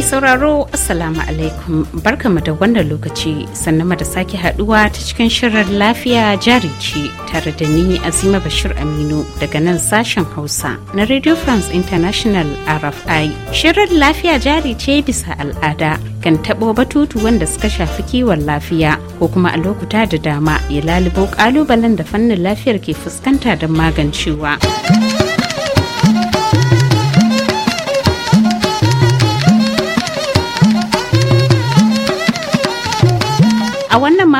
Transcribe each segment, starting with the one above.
mai sauraro assalamu alaikum barkamu da wannan lokaci sannan da sake haduwa ta cikin shirin lafiya jari ce tare da ni azima bashir aminu daga nan sashen hausa na radio france international rfi shirin lafiya jari ce bisa al'ada kan tabo batutu wanda suka shafi kiwon lafiya ko kuma a lokuta da dama ya lalubo kalubalen da fannin lafiyar ke fuskanta don magancewa.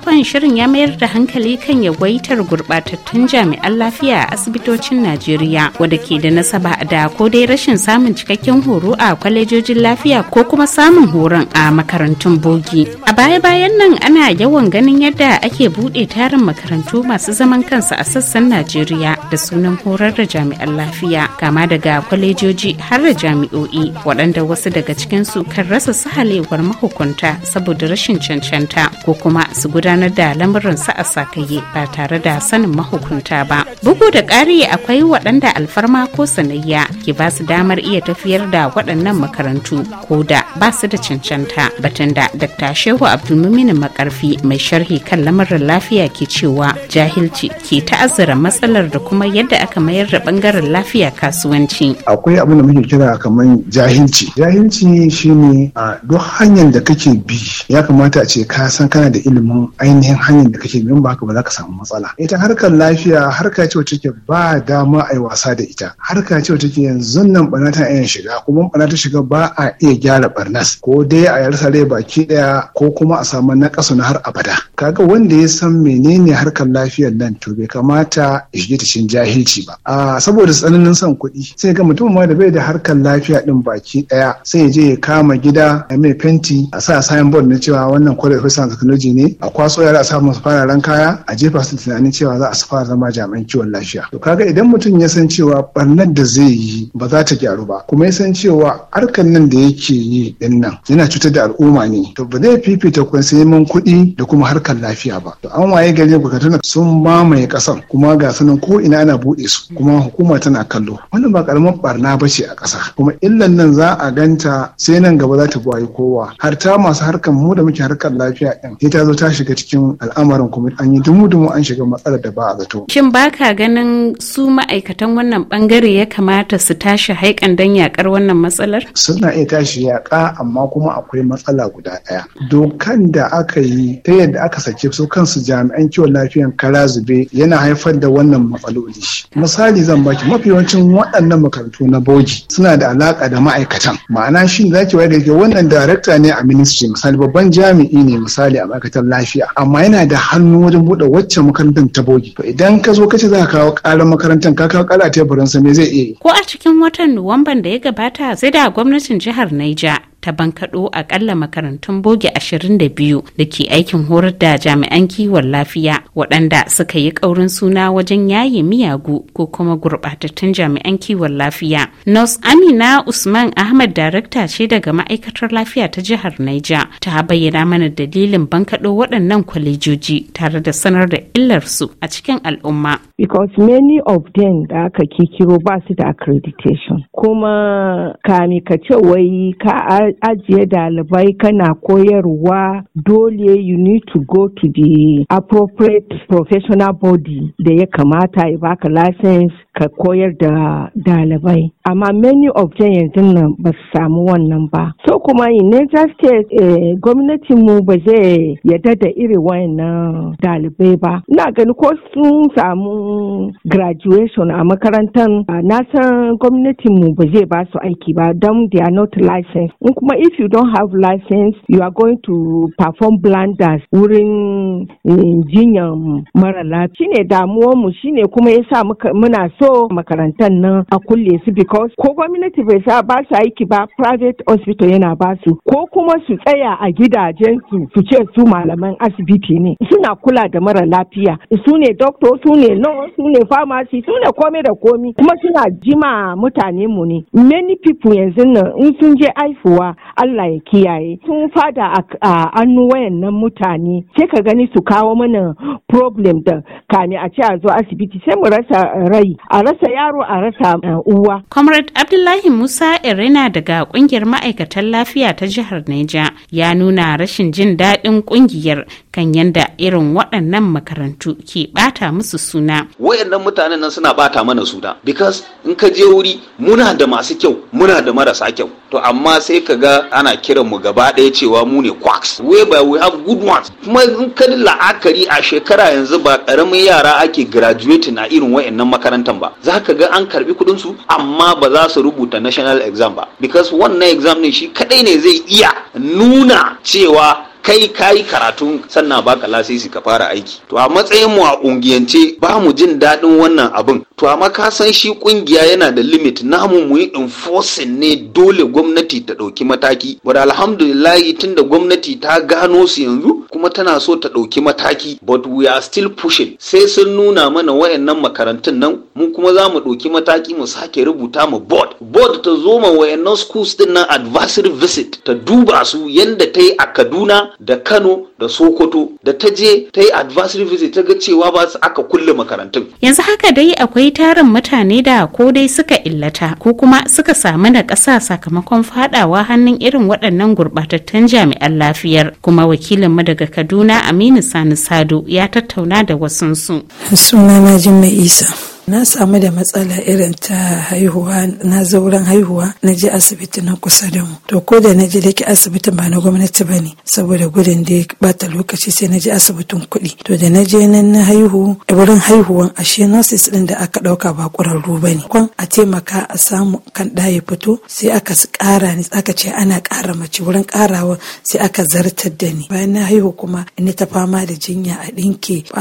makon shirin ya mayar da hankali kan yawaitar gurbatattun jami'an lafiya a asibitocin Najeriya wanda ke da nasaba da ko dai rashin samun cikakken horo a kwalejojin lafiya ko kuma samun horon a makarantun bogi. A baya-bayan nan ana yawan ganin yadda ake buɗe tarin makarantu masu zaman kansu a sassan Najeriya da sunan horar da jami'an lafiya kama daga kwalejoji har da jami'o'i waɗanda wasu daga cikinsu kan rasa sahalewar mahukunta saboda rashin cancanta ko kuma su gudanar da lamuransu a sakaye ba tare da sanin mahukunta ba bugu da ƙari akwai waɗanda alfarma ko sanayya ke ba su damar iya tafiyar da waɗannan makarantu ko da ba su da cancanta batun da Dr. Shehu Abdulmuminin Makarfi mai sharhi kan lamarin lafiya ke cewa jahilci ke ta'azzara matsalar da kuma yadda aka mayar da bangaren lafiya kasuwanci. Akwai abin da muke kira kamar jahilci. Jahilci shine a duk hanyar da kake bi ya kamata a ce ka san kana da ilimin ainihin hanyar da kake bi ba ka ba za ka samu matsala. Ita harkar lafiya harka ce wacce take ba dama a yi wasa da ita. Harka ce wacce take yanzu nan bana ta iya shiga kuma bana ta shiga ba a iya gyara bana. barnas ko dai a yarsa rai baki daya ko kuma a samu ƙasa na har abada kaga wanda ya san menene harkar lafiyar nan to bai kamata ya shige ta cin jahilci ba a saboda tsananin san kuɗi sai ga mutum ma da bai da harkar lafiya din baki daya sai ya je ya kama gida ya mai fenti a sa signboard na cewa wannan college of science technology ne a kwaso yara a sa musu fararen kaya a jefa su tunanin cewa za a su fara zama jami'an kiwon lafiya to kaga idan mutum ya san cewa barnar da zai yi ba za ta gyaru ba kuma ya san cewa harkar nan da yake yi din nan yana cutar da al'umma ne to ba zai fifita mun kuɗi da kuma harkar lafiya ba to an waye gari tana. sun mamaye ƙasar. kuma ga sunan ko ina ana buɗe su kuma hukuma tana kallo wannan ba karamar barna ba ce a ƙasa kuma illan nan za a ganta sai nan gaba za ta buwaye kowa har ta masu harkar mu da muke harkar lafiya din sai ta zo ta shiga cikin al'amarin kuma an yi dumu-dumu an shiga matsalar da ba a zato. Shin ba ka ganin su ma'aikatan wannan bangare ya kamata su tashi haikan dan yakar wannan matsalar? Suna iya tashi yaƙa amma kuma akwai matsala guda ɗaya dokan da aka yi ta yadda aka sake su kansu jami'an kiwon lafiyan kara zube yana haifar da wannan matsaloli misali zan baki mafi yawancin waɗannan makarantu na bogi suna da alaƙa da ma'aikatan ma'ana shi da zaki wayar da wannan darakta ne a ministry misali babban jami'i ne misali a ma'aikatan lafiya amma yana da hannu wajen buɗe wacce makarantar ta bogi to idan ka zo ka ce za ka kawo ƙarar makarantar ka kawo ƙara teburinsa me zai iya yi ko a cikin watan nuwamban da ya gabata sai da gwamnatin jihar Naija ta bankaɗo akalla makarantun boge 22 da ke aikin horar da jami'an kiwon lafiya waɗanda suka yi ƙaurin suna wajen yaye miyagu ko kuma gurɓatattun jami'an kiwon lafiya. Nurse Amina Usman Ahmad darakta ce daga ma'aikatar lafiya ta jihar Naija ta bayyana mana dalilin bankaɗo waɗannan kwalejoji tare da sanar da illarsu a cikin al'umma. Because many of them da aka kikiro ba su da accreditation. Kuma kami ka ce wai ka ajiye dalibai kana koyarwa dole you need to go to the appropriate professional body da ya kamata ya baka license ka koyar da dalibai amma many of them yanzu nan ba su samu wannan ba so kuma in state eh, gwamnatin mu ba zai yadda da irin wayannan dalibai ba na gani ko sun samu graduation a makarantar na san gwamnatin mu ba zai ba su aiki ba don they are not licensed in kuma if you don't have license you are going to perform blunders wurin eh, jinyan mara lafiya shine damuwar mu shine kuma yasa muna so so makarantar nan a kulle su because ko gwamnati bai sa ba su aiki ba private hospital yana ba su ko kuma su tsaya a gidajen su su ce su malaman asibiti ne suna kula da mara lafiya su ne doctor su ne nurse su ne pharmacy su ne komai da komi kuma suna jima mutane mu ne many people yanzu nan in sun je aifuwa Allah ya kiyaye sun fada a annu nan mutane sai ka gani su kawo mana problem da kame a ce a zo asibiti sai mu rasa rai a rasa yaro a rasa eh, uwa. Comrade Abdullahi Musa Irina daga kungiyar ma'aikatan lafiya ta jihar Neja ya nuna rashin jin daɗin kungiyar kan yanda irin waɗannan makarantu ke ɓata musu suna. Wayannan mutanen nan suna ɓata mana suna because in ka je wuri muna da masu kyau muna da marasa kyau to amma sai ka ga ana kiran mu gaba ɗaya cewa mu ne quacks we by we have good ones kuma in ka la'akari a shekara yanzu ba ƙaramin yara ake graduating a irin wayannan makarantan ba za ka ga an karbi kuɗin su amma ba za su rubuta national exam ba because wannan exam ne shi kadai ne zai iya nuna cewa kai kayi karatun sannan baka lasisi ka fara aiki to a matsayin mu a ungiyance ba mu jin daɗin wannan abin to amma ka san shi kungiya yana da limit namu mu yi enforcing ne dole gwamnati ta ɗauki mataki but alhamdulillahi tunda gwamnati ta gano su yanzu kuma tana so ta ɗauki mataki but we are still pushing sai sun nuna mana wayannan makarantun nan mu kuma za mu ɗauki mataki mu sake rubuta mu board board ta zo ma wayannan schools din nan advisory visit ta duba su yanda ta yi a Kaduna da Kano da Sokoto da ta je ta yi advisory visit ta ga cewa ba su aka kulle makarantun yanzu haka dai akwai akwai tarin mutane da ko dai suka illata ko kuma suka samu na ƙasa sakamakon fadawa hannun irin waɗannan gurɓatattun jami'an lafiyar kuma wakilinmu daga kaduna aminu sani sado ya tattauna da wasunsu sunana jimma isa na samu da matsala irin ta haihuwa na zauren haihuwa na je asibiti na kusa da mu to ko da na je da ke asibitin ba na gwamnati ba ne saboda gudun da ya bata lokaci sai na ji asibitin kuɗi to da na je nan na haihu wurin haihuwan ashe nurses din da aka ɗauka ba ƙwararru ba ne kwan a taimaka a samu kan ɗa ya fito sai aka ƙara ni aka ce ana ƙara mace wurin ƙarawa sai aka zartar da ni bayan na haihu kuma ni ta fama da jinya a ɗinke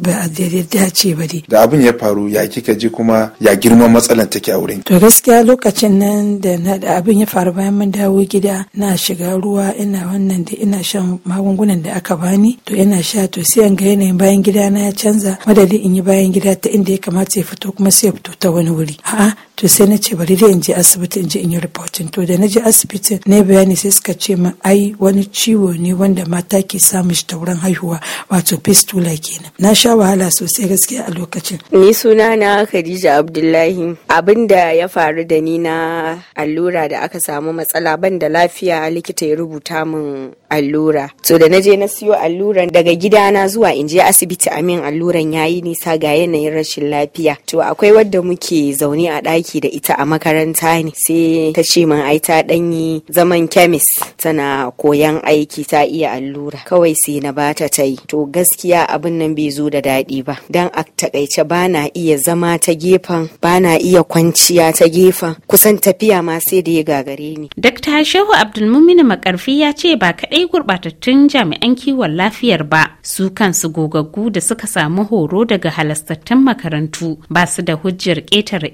ba a daidai dace ba dai da abin ya faru ya kika ji kuma ya girma matsalan take a wurin to gaskiya lokacin nan da na da abin ya faru bayan mun dawo gida na shiga ruwa ina wannan da ina shan magungunan da aka bani to ina sha to sai an ga yanayin bayan gida na ya canza madadin in yi bayan gida ta inda ya kamata ya fito kuma sai ya fito ta wani wuri a'a to sai na ce bari dai in je asibiti in je in yi reporting to da na je asibiti na bayani sai suka ce min ai wani ciwo ne wanda mata ke samun shi ta haihuwa wato fistula kenan na sha wahala sosai gaskiya a lokacin ni suna na Khadija Abdullahi abin da ya faru da ni na allura da aka samu matsala ban da lafiya likita ya rubuta min allura to da na je na siyo alluran daga gidana zuwa in je asibiti amin alluran yayi nisa ga yanayin rashin lafiya to akwai wadda muke zaune a ɗaki aiki da ita a makaranta ne sai ta ce min ai ta yi zaman kemis tana koyan aiki ta iya allura kawai sai na bata ta yi to gaskiya abin nan bai zo da daɗi ba dan a takaice ba na iya zama ta gefen na iya kwanciya ta gefen kusan tafiya ma sai da ya gagare ni dakta shehu abdulmumin makarfi ya ce ba kaɗai gurɓatattun jami'an kiwon lafiyar ba su kansu gogaggu da suka samu horo daga halastattun makarantu ba su da hujjar ƙetare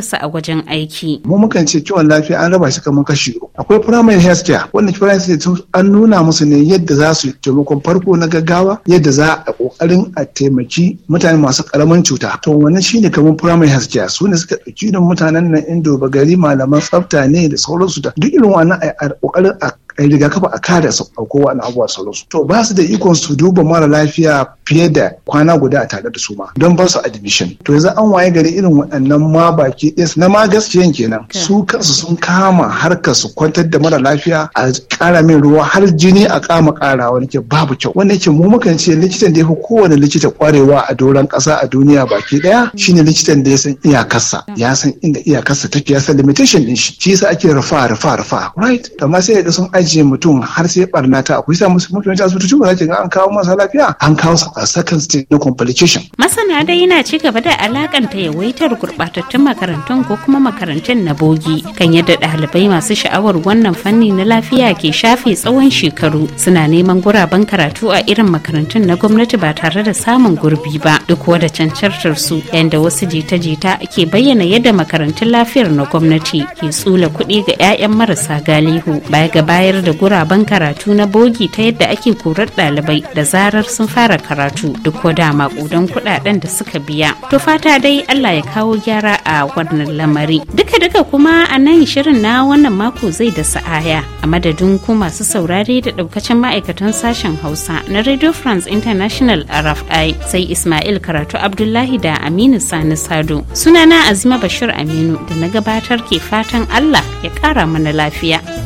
su a wajen aiki. Mu mukan ce kiwon lafiya an raba shi kamar kashi uku. Akwai primary health care wanda primary health care an nuna musu ne yadda za su taimakon farko na gaggawa yadda za a kokarin a taimaki mutane masu karamin cuta. To wannan shine kamar primary health care su ne suka ɗauki mutanen nan indo gari malaman tsafta ne da sauransu da duk irin wannan a kokarin a rigakafi a kare su a kowa na abubuwa sauransu to ba su da ikon su duba mara lafiya fiye da kwana guda a tare da su ma don ba su admission to yanzu an waye gari irin waɗannan ma baki na ma gaskiya kenan su kansu sun kama harkar su kwantar da mara lafiya a ƙara min ruwa har jini a kama ƙara wani ke babu kyau wanda ke mu mukan ce likitan da ya fi kowane likita kwarewa a doron ƙasa a duniya baki ɗaya shine likitan da ya san iyakarsa ya san inda iyakarsa take ya san limitation ɗin shi shi yasa ake rufa rufa rufa right amma sai ga sun aji ajiye mutum har sai barna ta akwai sa musu mutum ta asibiti ba za ga an kawo masa lafiya an kawo second stage na complication. Masana dai yana ci gaba da alakanta yawaitar gurbatattun makarantun ko kuma makarantun na bogi kan yadda ɗalibai masu sha'awar wannan fanni na lafiya ke shafe tsawon shekaru suna neman guraben karatu a irin makarantun na gwamnati ba tare da samun gurbi ba duk wada cancantar su yadda wasu jita-jita ke bayyana yadda makarantun lafiyar na gwamnati ke tsula kuɗi ga 'ya'yan marasa galihu baya ga bayar da guraben karatu na bogi ta yadda ake korar dalibai da zarar sun fara karatu duk ko da makudan kuɗaɗen da suka biya. To fata dai Allah ya kawo gyara a wannan lamari. Duka duka kuma a nan shirin na wannan mako zai da sa'aya a madadin ku masu saurare da ɗaukacin ma'aikatan sashen Hausa na Radio France International RFI sai Ismail Karatu Abdullahi da Aminu Sani Sado. Sunana Azima Bashir Aminu da na gabatar ke fatan Allah ya kara mana lafiya.